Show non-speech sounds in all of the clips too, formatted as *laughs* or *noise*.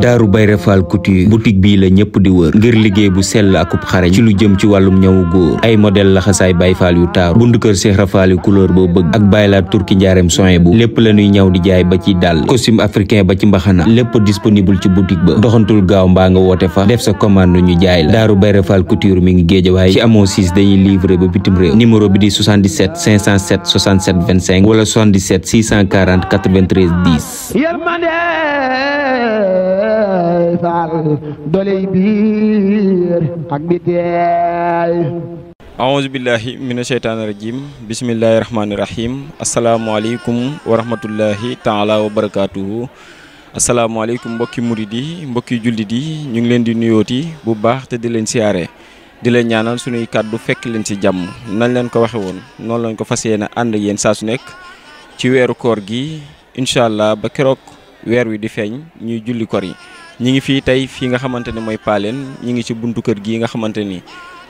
daaru bayre faal couture boutique bii la ñëpp di wër ngir liggéey bu sell akub xarañ ci lu jëm ci wàllum ñawu góor ay modèle laxasaay bay faal yu taaru bundu kër seex rafaal yu couleur boo bëgg ak baylaat turki njaareem soin bu lépp la ñuy ñaw di jaay ba ci dàll costume africain ba ci mbaxana lépp disponible ci boutique ba doxantul gaaw mbaa nga woote fa def sa commande ñu jaay la daaru bayre faal couture mi ngi géejawaay ci amoo 6 dañuy livrer ba bitim réew numéro bi di 77 507 67 25 wala 77 640 93 10 A'udzu billahi minasyaitonir rajim. Bismillahirrahmanirrahim. Assalamualaikum warahmatullahi taala wabarakatuh. Assalamualaikum mbokki muridi, mbokki julidi Ñu ngi leen di nuyoti bu baax te di leen siaré. Di leen ñaanal suñu kaddu fekk leen ci jamm. Nañ leen ko waxe won. Non lañ ko fasiyena and yeen sa su nek ci wëru koor gi, inshallah ba kérok weer wi di feeñ ñuy julli kor yi ñu ngi fii tey fii nga xamante ne mooy paaleen ñu ngi ci buntu kër gi nga xamante ni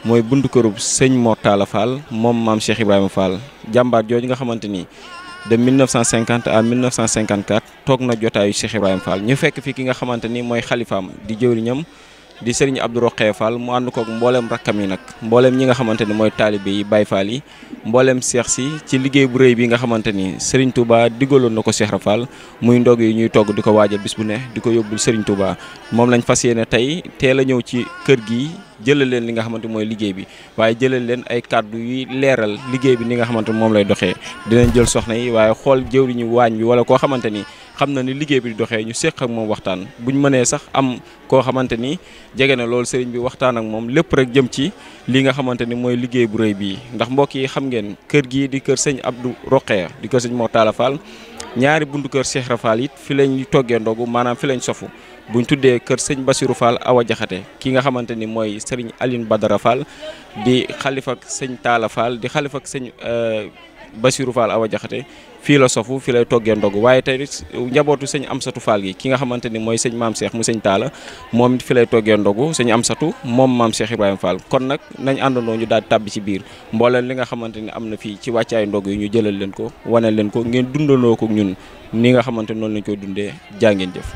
mooy buntu këru sëñ Mor a Fall moom maam Cheikh Ibrahima Fall jàmbaar jooju nga xamante ni de 1950 à 1954 toog na jotaayu Cheikh Ibrahima Fall ñu fekk fi ki nga xamante ni mooy xalifaam di jëwriñam di sëriñ Abdou Rokhaya mu ànd kook mbooleem rakkam yi nag mbooleem ñi nga xamante ni mooy taalibe yi Baye Fall yi mbooleem seex si ci liggéey bu rëy bi nga xamante ni sëriñ Touba diggaloon na ko Cheikh Rafal muy ndog yi ñuy togg di ko waajal bis bu ne di ko yóbbul sëriñ Touba moom lañ fas yéene tey teel a ñëw ci kër gi jëlal leen li nga xamante mooy liggéey bi waaye jëlal leen ay kàddu yuy leeral liggéey bi ni nga xamante moom lay doxee dinañ jël soxna yi waaye xool jëwriñu waañ wi wala koo xamante ni xam na ni liggéey bi di doxee ñu séq ak moom waxtaan buñ mënee sax am koo xamante ni jege na loolu sëriñ bi waxtaan ak moom lépp rek jëm ci li nga xamante ni mooy liggéey bu rëy bii ndax mbokk yi xam ngeen kër gii di kër sëñ Abdou Rokhaya di kër sëñ Mor Talla Fall ñaari buntu kër Cheikh Rafal it fi lañ toggee ndogu maanaam fi lañ sofu buñ tuddee kër sëñ Bassirou Fall Awa Jaxate ki nga xamante ni mooy sëriñ Aline Badara Fall di xalif ak sëñ Talla di xalif ak sëñ euh, Bassirou Fall Awa Diakhaté fii la sofu fii lay toggee ndogu waaye tey njabootu sëñ Amsatu Fall gi ki nga xamante ni mooy sëñ maam Cheikh mu sëñ Talla moom it fi lay toggee ndogu sëñ Amsatu moom maam Cheikh Ibrahima Fall kon nag nañ àndandoo ñu daal di tàbbi ci biir mbooleen li nga xamante ni am na fii ci wàccaay ndog yi ñu jëlal leen ko wane leen ko ngeen dundandoo ko ñun ni nga xamante noonu lañ koy dundee jaa ngeen jëf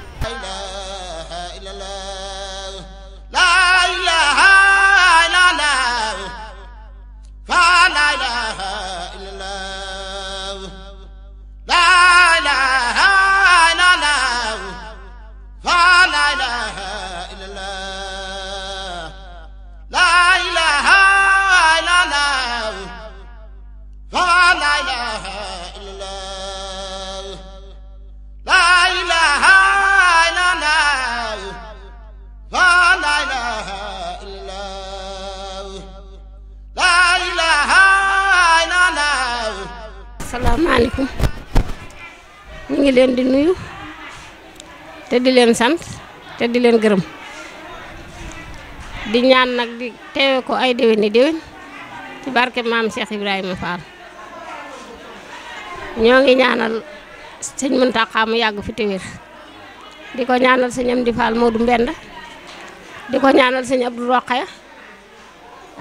asalaamaaleykum ñu ngi leen di nuyu te di leen sant te di leen gërëm di ñaan nag di teewe ko ay déwéni déwén ci barke maam Cheikh Ibrahima Fall ñoo ngi ñaanal sëñ Muntaxa mu yàgg fi téwér di ko ñaanal sëñ di Fall Modou Mbenda di ko ñaanal sëñ Abdou Rokhaya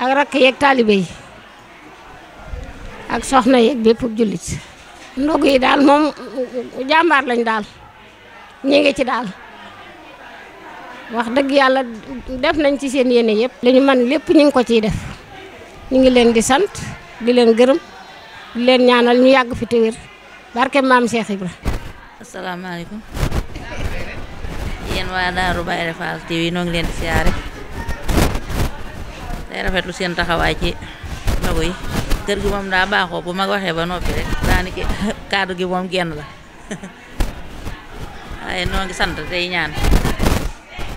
ak rakk yeeg taalibe yi ak soxna yeeg bépp jullit ndog yi dal mom jambar lañ dal ñi ngi ci dal wax deug yalla def nañ ci seen yene yep li man lepp ñing ko ci def ñi ngi leen di sante di leen gërëm di leen ñaanal ñu yag fi teewir barke mam Cheikh Ibra. alaykum yeen waa Daaru Bairé Fall TV no ngi leen di siyaare day rafetlu seen taxaway ci yi. kër gi moom daa baaxoo bu mag waxee ba noppi rek daanaka kaddu gi moom genn la *laughs* waaye noo ngi sant tey ñaan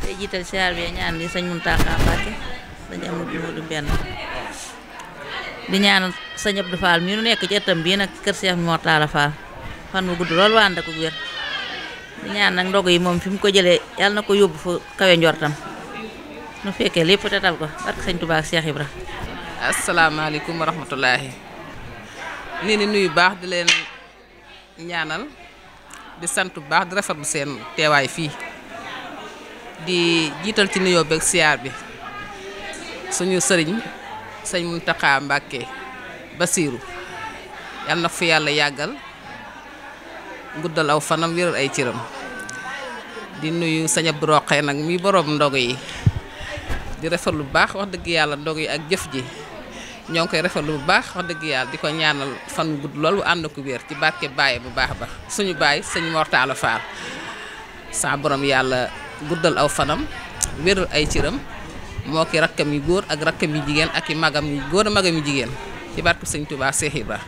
tey jiital siyaar bi ñaan li sëñ Mountakha Mbacké sëñ Amadou mi nu nekk bii nag kër Cheikh Mor Talla Fall fan mu gudd lool waan da ko di ñaan nag ndogu yi moom fi mu ko jëlee yàlla na ko yóbbu fu kawe njortam nu fekkee lépp te tal ko barke sëñ Touba ak Cheikh Ibra Assalamualaikum warahmatullahi wabarakatuh. ni nuyu baax di leen ñaanal di sant bu di rafetlu seen teewaay fii di jiital ci nuyoo beeg siyaar bi suñu sëriñ sëñ Muntaxa Mbàkke Basiiru yàlla fu guddal aw fanam ay di nuyu sëñ Abdu Roqee mi boroom ndog yi di rafetlu bu baax wax dëgg yàlla ndog yi ak jëf ji ñoo ngi koy rafetlu bu baax wax dëgg yàlla di ko ñaanal fan wu gudd loolu bu ànd ku wér ci barke Baye bu baax ba suñu Baye sëñ Mortala Fall saa yàlla guddal aw fanam wéral ay ciram moo ki rakkam góor ak rakkam yu jigéen ak i magam yu góor a magam yu jigéen ci barke sëñ Touba Cheikh Ibra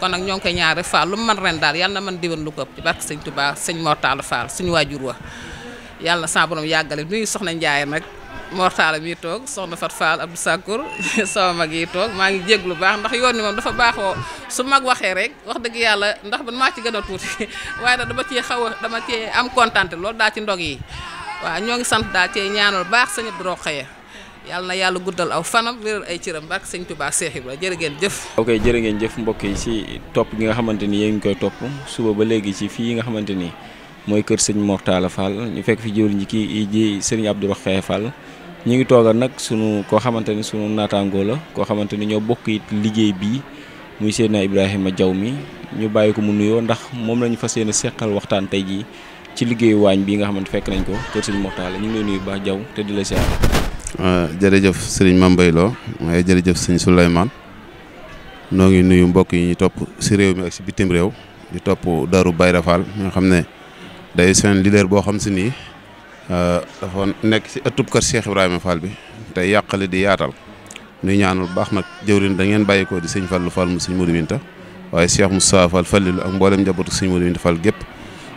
kon nag ñoo ngi koy ñaare Fall lu mu mën ren daal yàlla na mën diwan lu ko ci barke sëñ Touba sëñ Mortala Fall suñu waajur wa yàlla saa borom yàggale nuyu soxna Ndiaye nag. Mortala mii toog soxna Fat Fall Abdou Sakour *laughs* sama mag yi toog maa ngi jéglu baax ndax yoon wi moom dafa baaxoo su mag waxee rek wax dëgg yàlla ndax man maa ci gën a tuuti *laughs* waaye nag dama cee xaw a dama cee am kontaan loolu daal ci ndog yi waaw ñoo ngi sant daal cee ñaanal baax sañu droxee yàlla na yàlla guddal aw fanam wéral ay cëram barke sëñ Tuubaa Seex Ibra jërë ngeen jëf ok jër ngeen jëf mbokk yi ci topp gi nga xamante ni yéen ngi koy topp suba ba léegi ci fii yi nga xamante ni mooy kër sëñ Mortala Fall ñu fekk fi jiwul ñi kii ji sëriñ Abdou Rokhaya Fall ñu ngi toogal nag sunu koo xamante ni sunu naataangoo la koo xamante ni ñoo bokk it liggéey bii muy Seydina Ibrahima jaw mi ñu bàyyi ko mu nuyoo ndax moom lañu fa fas yéene seqal waxtaan tey jii ci liggéey waañ bi nga xamante fekk nañ ko kër sëñ Moxtaar la ñu ngi lay nuyu baax jaw te di la siyaar. Ah, jërëjëf sëriñ Mame Mbaye Lo waaye jërëjëf sëñ Souleymane noo ngi nuyu mbokk yi ñu topp si réew mi ak si bitim réew di topp daru Bayré Fall nga xam ne day seen leader boo xam si nii. dafa nekk ci ëttub kër Cheikh Ibrahima Fall bi te yàqali di yaatal ñu ñaanul baax nag jëwrin da ngeen bàyyi ko di sëñ Fallu Fall mu sëñ Modou Binta waaye Cheikh Moustapha Fall Fallilu ak mboolem njabootu sëñ Modou Binta Fall gépp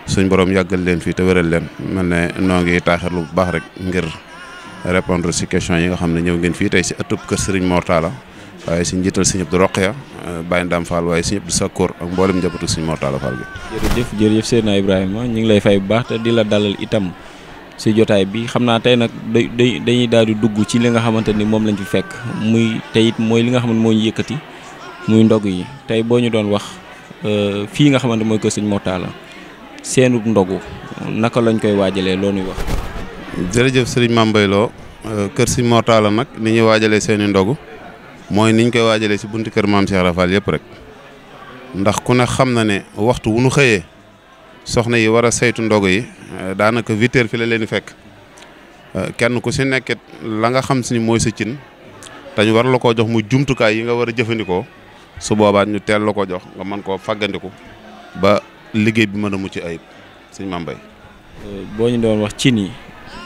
suñ borom yàggal leen fii te wéral leen mel ne noo ngi taaxirlu bu baax rek ngir répondre ci question yi nga xam ne ñëw ngeen fii tey ci ëttub kër Serigne Mortala waaye suñ jiital sëñ Abdou Roqeya Baye Ndam Fall waaye sëñ Abdou Sakkoor ak mboolem njabootu sëñ Mortala Fall bi jërëjëf jërëjëf Seydina Ibrahima ñu ngi lay fay bu baax te di la dalal itam si jotaay bi xam naa tey nag day dañuy daal di dugg ci li nga xamante ni moom lañu fi fekk muy tey it mooy li nga xam ne moo ñu muy ndog yi tey boo ñu doon wax euh, fii nga xamante mooy kër sëñ Mor la seenub ndogu naka lañ koy waajalee loo ñuy jërëjëf sëriñ Mame Mbaye euh, kër sëñ Mor nag ni ñuy waajalee seen i ndogu mooy niñ koy waajalee si buntu kër maam Cheikh Rafal yëpp rek ndax ku ne xam na ne waxtu wu nu xëyee. soxna yi war a saytu ndogu yi euh, daanaka huit heures fi la leen fekk euh, kenn ku si nekkit la nga xam si ni mooy sa cin te ñu war la koo jox mu jumtukaay yi nga war a jëfandikoo su boobaa ñu teel la ko jox nga mën koo faggandiku ba liggéey bi mën a mucc ayib sëñ Mame Mbaye euh, boo ñu doon wax cin yi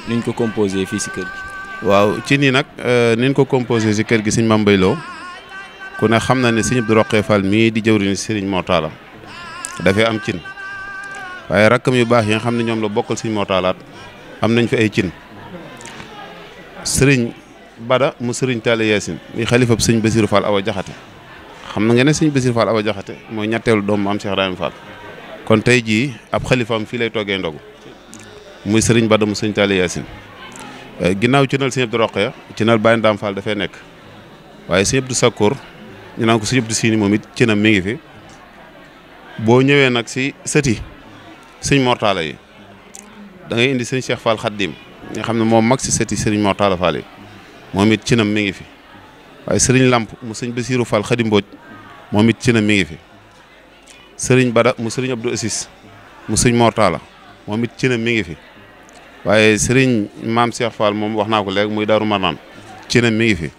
niñ ko composé fii si kër gi. waaw cin yi nag niñ ko composé si kër gi sëñ Mame loo Lo ku ne xam na ne sëñ Abdou Rokhaya Fall mii di jëwriñ sëriñ Mortala dafay am cin. waaye rakkam yu baax yi nga xam ne ñoom la bokkal sëñ moo taalaat am nañ fi ay cin sëriñ Bada mu sëriñ Taale Yaasin muy xalifab sëñ Basiru Fall Awa xam na ne sëñ Basiru Fall Awa mooy ñetteelu doomu am Cheikh Ibrahima kon tey jii ab xalifaam fii lay toggee ndogu muy sëriñ Bada mu sëñ Taale Yaasin eh, ginnaaw ci nal sëñ Abdou Roqaya ci nal Baye Ndam Fall dafay nekk waaye sëñ Abdou Sakkoor ñu naan ko sëñ Abdou Siini moom it ci na mi ngi fi boo ñëwee nag si sëti sëñ Mortala yi da ngay indi sëñ Cheikh Fall Khadim nga xam ne moom mag si seti sëriñ Mortala Fall yi moom it cinam mi ngi fi waaye sëriñ Lamp mu sëñ Bassirou Fall Khadim Mbodj moom it cinam mi ngi fi sëriñ Bada mu sëriñ Abdou Assis mu sëñ Mortala moom it cinam mi ngi fi waaye sëriñ maam Cheikh Fall moom wax naa ko léegi muy Daaru Marnaan cinam mi ngi fi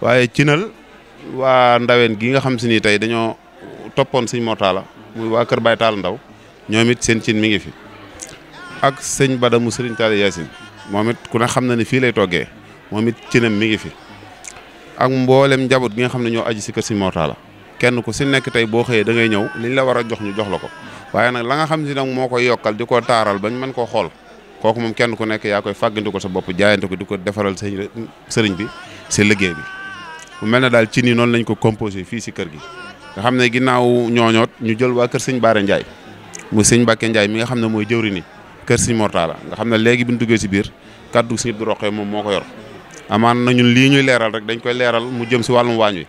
waaye cinal waa ndaween gi nga xam si ni tey dañoo toppoon sëñ Mortala muy waa Kër Baye Tall Ndaw ñoom it seen cin mi ngi fi ak sëñ Bada mu sëriñ Talla Yacine moom it ku ne xam na ne fii lay toggee moomit it cinam mi ngi fi ak mboolem njaboot gi nga xam ne ñoo aji si kër sëñ Mor kenn ku si nekk tey boo xëyee da ngay ñëw liñ la war a jox ñu jox la ko waaye nag la nga xam si nag moo koy yokkal di ko taaral bañ mën koo xool kooku moom kenn ku nekk yaa koy fàggandiku sa bopp jaayante ko di ko defaral sëñ sëriñ bi si liggéey bi mu mel na daal ci nii noonu lañ ko composé fii si kër gi nga xam ne ginnaaw ñooñoot ñu jël waa kër sëñ Baara Ndiaye mu seigne Mbacke ndjay mi nga xamne moy mooy jëwriñi kër sëñ Mortala nga xamne legui buñ duggé ci duggee biir kaddu seigne Abdou Rokhaya mom moko yor amana na ñun lii ñuy leeral rek dañ koy leeral mu jëm ci walum wañu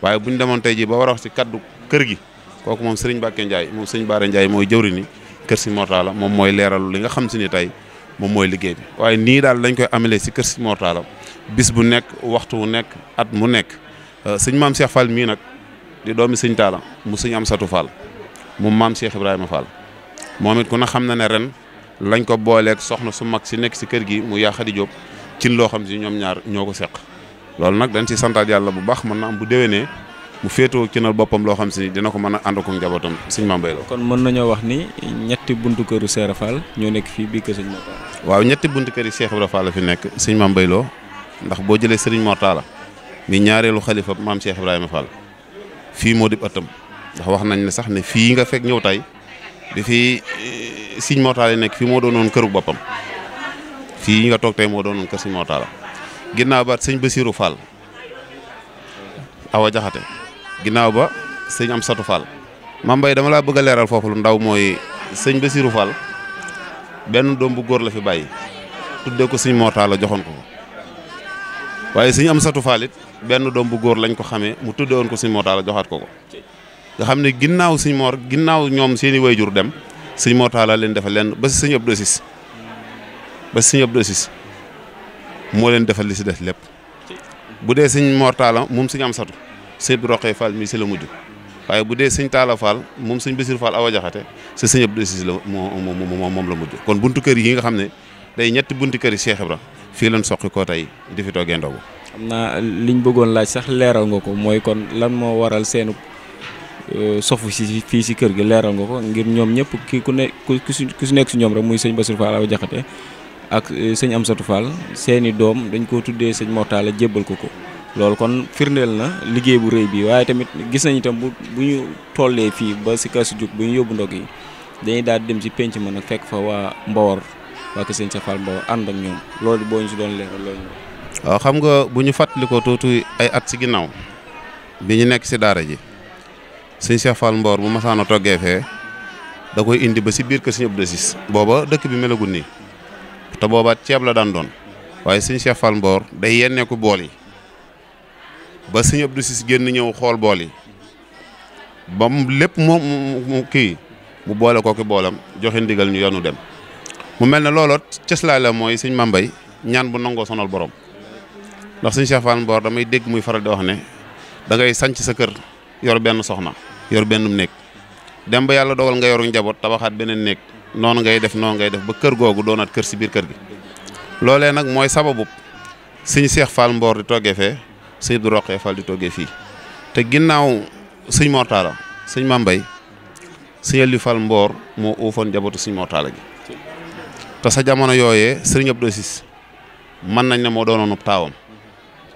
waye buñ bu tay ji ba war a wax si kaddu keur gi koku mom seigne Mbacke Ndiaye moom sëñ Baara Ndiaye mooy jëwriñi keur seigne Mortala mom moy leeral li nga xam ci ni tay mom moy liggéey bi waye ni dal dañ koy amélé ci keur seigne Mortala bis bu nek waxtu bu nek at mu nek euh, seigne mam Cheikh Fall mi nak di doomi seigne tala mu am satou Fall mu mam Cheikh Ibrahima Fall moom it ku na xam na ne ren lañ ko booleeg soxna su mag si nekk si kër gi mu yaa Xadi Jóob cin loo xam si ñoom ñaar ñoo ko seq loolu nag dañ si santaat yàlla bu baax mën na am bu déwénee mu féetoo cinal boppam loo xam si dina ko mën a ànd ko njabootam sëñ Mame Mbaye kon mën nañoo wax ni ñetti buntu këru Cheikh Fall ñoo nekk fii bii kër sëñ Mortala waaw ñetti buntu kër yi Cheikh la fi nekk sëñ Mame Mbaye ndax boo jëlee sëriñ Mortala mi ñaareelu xalifa maam Cheikh Ibrahima Fall fii moo di ëttam ndax wax nañ ne sax ne fii nga fekk ñëw tey bi fi eh, siñ mortaale nekk fii moo doonoon këru boppam fii nga toog tey moo doonoon kër siñ mootaal ginnaaw ba sëñ Basiiru Fall ginnaaw ba sëñ am satu Fall mam mbay dama laa bëgg a leeral foofu lu ndaw mooy sëñ Basiiru Fall benn doom bu góor la fi bàyyi tuddee ko sëñ mortaala joxoon ko waaye sëñ am satu Fall it benn doom bu góor lañ ko xamee mu tuddewoon ko mootaal mortaala joxaat ko ko nga xam ne ginnaaw sëñ Mor ginnaaw ñoom seeni i jur dem sëñ Mor Talla leen defal lenn ba si sëñ Abdou Aziz ba si moo leen defal li si des lépp bu dee sëñ Mor Talla moom sëñ am sëñ Abdou Roqee Fall mii si la mujj waaye bu dee sëñ Talla moom sëñ Bassirou Awa Jaxate si sëñ la moo moom la mujj kon buntu kër yi nga xam ne day ñetti buntu kër yi Cheikh Ibra fii leen soqi koo tey di fi toogee xam naa liñ bëggoon laaj sax leeral nga ko mooy kon lan moo waral seenu Euh, sofu si fii si kër gi leeral nga ko ngir ñoom ñëpp kii ku ne ku si ku si nekk si ñoom rek muy sëñ Bassirou Fall Awa Jaxate ak euh, sëñ Amsatou Fall seeni doom dañ koo tuddee sëñ Mortalla jébbal ko ko loolu kon firndeel na liggéey bu réy bi waaye tamit gis nañ itam bu bu ñu tollee fii ba si kasu jug bu ñu yóbbu ndog yi dañuy daal dem si penc ma nag fekk fa waa Mbawar waa ko sëñ sa Fall Mbawar ànd ak ñoom loolu boo ñu si doon leeral loolu waaw xam nga bu ñu fàttalikoo tuuti ay at si ginnaaw bi ñu nekk si daara ji sëñ Cheikh Fall Mboor bu masaana toggee fee da koy indi ba si biir kër sëñ Abdou booba dëkk bi melagul nii te booba ceeb la daan doon waaye sëñ Cheikh Fall Mboor day yenneeku booli ba sëñ Abdou Aziz génn ñëw xool bool yi ba lépp moom kii mu boole kooki boolam joxe ndigal ñu yanu dem mu mel ne looloot cëslaay la mooy sëñ Mambay ñaan bu nangoo sonal borom ndax sëñ Cheikh Fall Mboor damay dégg muy faral di wax ne dangay ngay sanc sa kër yor benn soxna yor benn néeg dem ba yàlla dogal nga yoru njaboot tabaxaat beneen néeg noonu ngay def noonu ngay def ba kër googu doonaat kër si biir kër gi loolee nag mooy sababub sëñ Seex Fall Mboor di toggee fee sëñ Abdou Roqee Fall di toggee fii te ginnaaw sëñ Mortala sëñ Mambay sëñ Aliou Fall Mboor moo uufoon njabootu siñ Mortala gi te sa jamono yooyee sëriñ Abdou Sis mën nañ ne moo doonoon taawam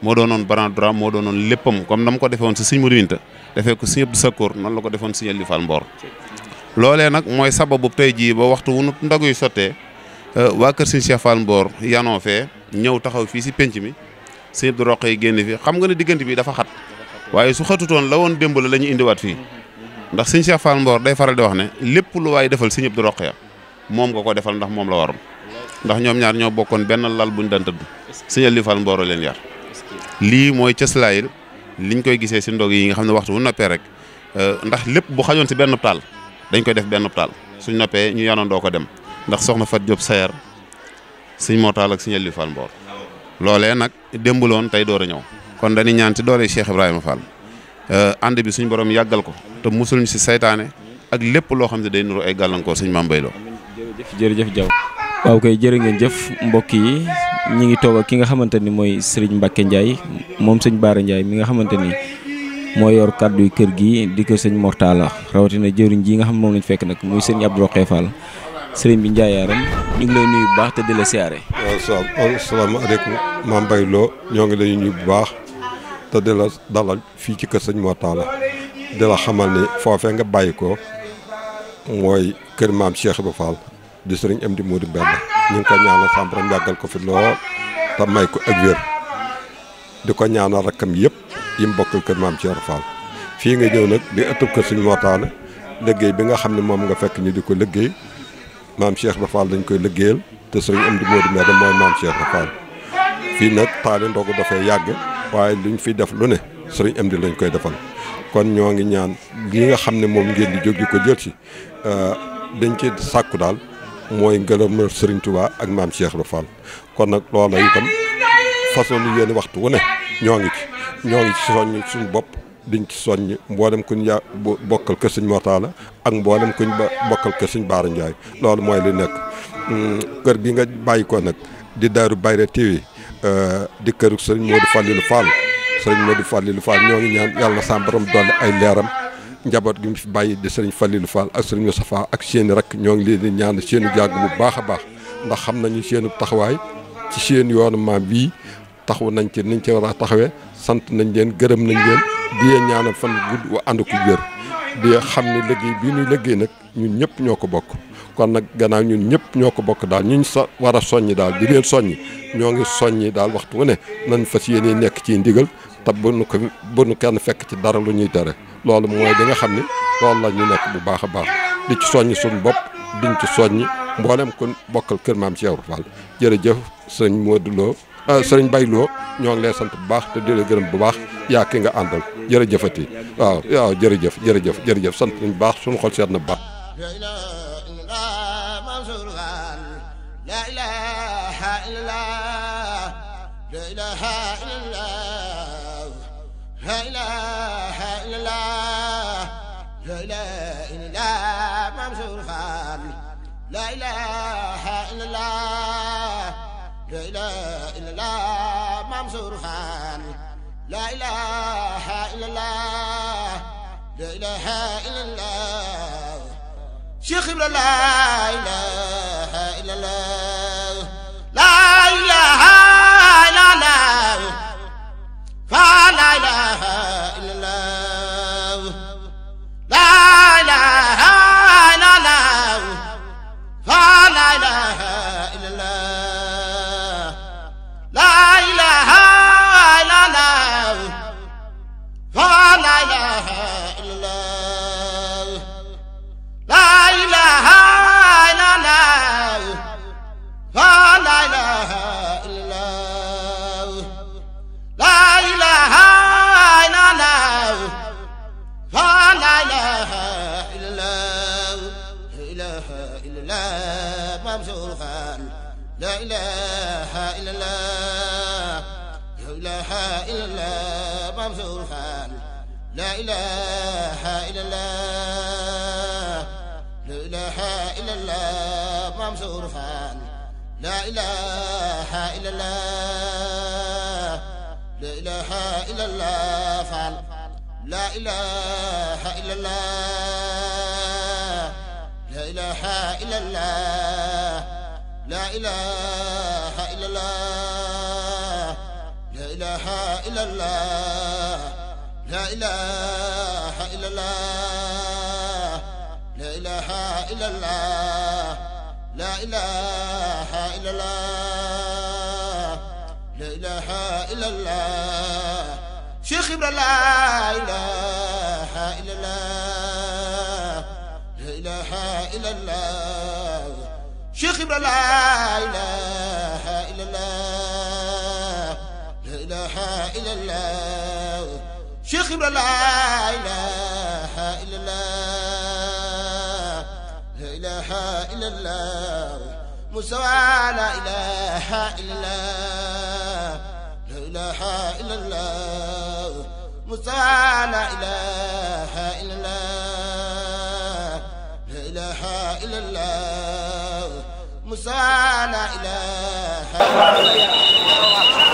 moo doonoon bras droit moo doonoon léppam comme na mu ko defee woon si sëñ Modou Binta defee ko sëñ Abdou Sakkoor noonu la ko defoon sëñ Aliou Fall Mbor loolee nag mooy sababu tey jii ba waxtu wu nu ndog yu sottee euh, waa kër sëñ Cheikh Fall Mbor yanoo fee ñëw taxaw fii si penc mi sëñ Abdou Roqe yi génn fi xam nga ne diggante bi dafa xat waaye su xatutoon la woon démb la la ñu indiwaat fii ndax sëñ Cheikh Fall Mbor day faral di wax ne lépp lu waaye defal sëñ Abdou Roqe ya moom nga ko defal ndax moom la waroon ndax ñoom ñaar ñoo bokkoon benn lal buñ daan tëdd sëñ Aliou Fall Mbor leen yar lii ci slayil liñ koy gisé ci ndog yi nga xamné waxtu wuna noppee rek euh, ndax lepp bu xajon si benn hôpital dañ koy def benn hôpital suñ noppé ñu do ko dem ndax soxna Fat Diop Sayer suñ mootaal ak suñ Aliou Fall Mboor loolee nag démbuloon tey door a kon dañuy ñaan ci doore Cheikh Ibrahima Fall and euh, bi suñ borom yagal ko te musul ñu ci saytaane ak lepp lo xamné day nuru ay gàllankoor suñ maam Bayloo jeuf jeuf jeuf waaw kay jeere ngeen jeuf mbokk yi ñi ngi toog ki nga xamanteni ni Serigne Mbacke ndjay mom serigne bare ndjay mi nga xamanteni ni moo yor kàddu kër gi di ko wax Mortala na jëriñ ji nga xam mom lañ fekk nak moy serigne Abdou khefal serigne bi Ndiaye yaaram ñu ngi lay nuyu baax te di la siaré assalamu alaykum mam baylo Lo ñoo ngi lay nuyu bu baax te di la dalal fi ci kër serigne mortal de la xamal ni fofé nga bayiko moy mooy kër maam Cheikh Ibra Fall di serigne Amdi Modou Mbène. ñu ngi ko ñaanal sama borom yàggal ko fi lool te may ko ak wér di ko ñaanal rakkam yëpp yi mu bokkal kër maam Cheikh Fall fii nga ñëw nag bi ëttub kër suñu waxtaane liggéey bi nga xam ne moom nga fekk ñu di ko liggéey maam Cheikh Ba Fall dañ koy liggéeyal te sëriñ am di Modou Mbène mooy maam Cheikh Ba Fall fii nag taali ndogu dafay yàgg waaye ñu fi def lu ne sëriñ am di lañ koy defal kon ñoo ngi ñaan li nga xam ne moom ngeen di jóg di ko jël si euh, dañ ci sàkku daal. mooy ngërëmal Serigne Touba ak maam Cheikh Ibra Fall kon nag loola itam façon ni yéen waxtu wu ne ñoo ngi ci ñoo ngi ci soññ suñu bopp diñ ci soññ mboolem kuñ ya bokkal kër Serigne Mortalla ak mboolem kuñ ba bokkal kër Serigne Bara Ndiaye loolu mooy lu nekk mm, kër gi nga bàyyi ko nag di Daaru Bayré TV euh, di këru Serigne Modou Fallilou Fall Serigne Modou lu Fall ñoo ngi ñaan yàlla na sa borom dolli ay leeram njaboot gi mu bàyyi di sëriñ Falilou Fall ak sëriñ Moustapha ak seeni rakk ñoo ngi leen di ñaan seenu jàgg bu baax a baax ndax xam nañu seenu taxawaay ci yoonu maam bii taxaw nañ ci niñ ci war a taxawee sant nañ leen gërëm nañ leen di ñaanal fan gudd wa ànd ko wér di xam ne liggéey bii ñuy liggéey nag ñun ñëpp ñoo ko bokk kon nag gannaaw ñun ñëpp ñoo ko bokk daal ñu sa war a soññi daal di leen soññi ñoo ngi soññi daal waxtu wu ne nañ fas yéene nekk ci ndigal te bu ko bu nu kenn fekk ci dara lu ñuy tere loolu mooy li nga xam ni loolu la ñu nekk bu baax a baax di ci soññ suñu bopp diñ ci soññ mboolem kon bokkal kër maam Cheikh Fall jërëjëf sëñ Modou Lo ah, sëñ Baye Lo ñoo ngi lay sant bu baax te di la gërëm bu baax yaa ki nga àndal jërëjëfati waaw waaw jërëjëf jërëjëf jërëjëf sant nañ baax suñu xol seet na bu baax la ilaha illallah laa ilaaha illallaah Maam Seex Faal laa ilaaha illallaah laa ilaaha illallaah Maam Seex Faal laa ilaaha illallaah laa ilaaha illallaah Seex Ibra laa ilaaha illallaah برهان لا إله إلا الله لا إله إلا الله ما برهان لا إله إلا الله لا إله إلا الله ما برهان لا إله إلا الله لا إله إلا الله فعل لا إله إلا الله لا إله إلا الله لا إله إلا الله لا إله إلا الله لا إله إلا الله لا إله إلا الله لا إله إلا الله لا إله إلا الله شيخ لا إله إلا الله لا إله إلا الله خبر لا إله إلا الله لا إله إلا الله شيخ خبر لا إله إلا الله لا إله إلا الله مستوى لا إله إلا الله لا إله إلا الله مستوى لا إله إلا الله لا إله إلا الله موسى إلى إله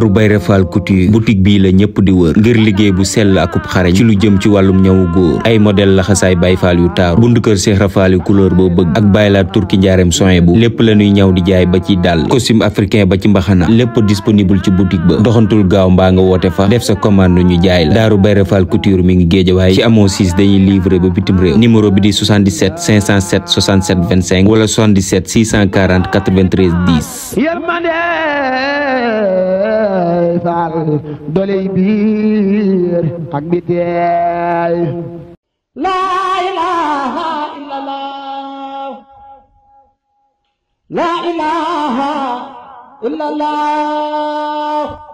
Daaru Bayre Fall couture bii la ñëpp di wër ngir liggéey bu sell akub xarañ ci lu jëm ci wàllum ñawu góor ay modèle laxasaay Baye Fall yu taaru bundu kër Cheikh Rafaal yu couleur boo bëgg ak baylaat turki njaareem soin bu lépp la ñuy ñaw di jaay ba ci dàll costume africain ba ci mbaxana lépp disponible ci boutique ba doxantul gaaw mbaa nga woote fa def sa commande ñu jaay la Daaru Bayre Fall couture mi ngi Géejawaay ci amoo 6 dañuy livrer ba bitim réew numéro bi di 77 507 67 25 wala 77 640 93 10 yërmande misaal doley biir ak biteey laa ilaaha illallaah laa ilaaha illallaah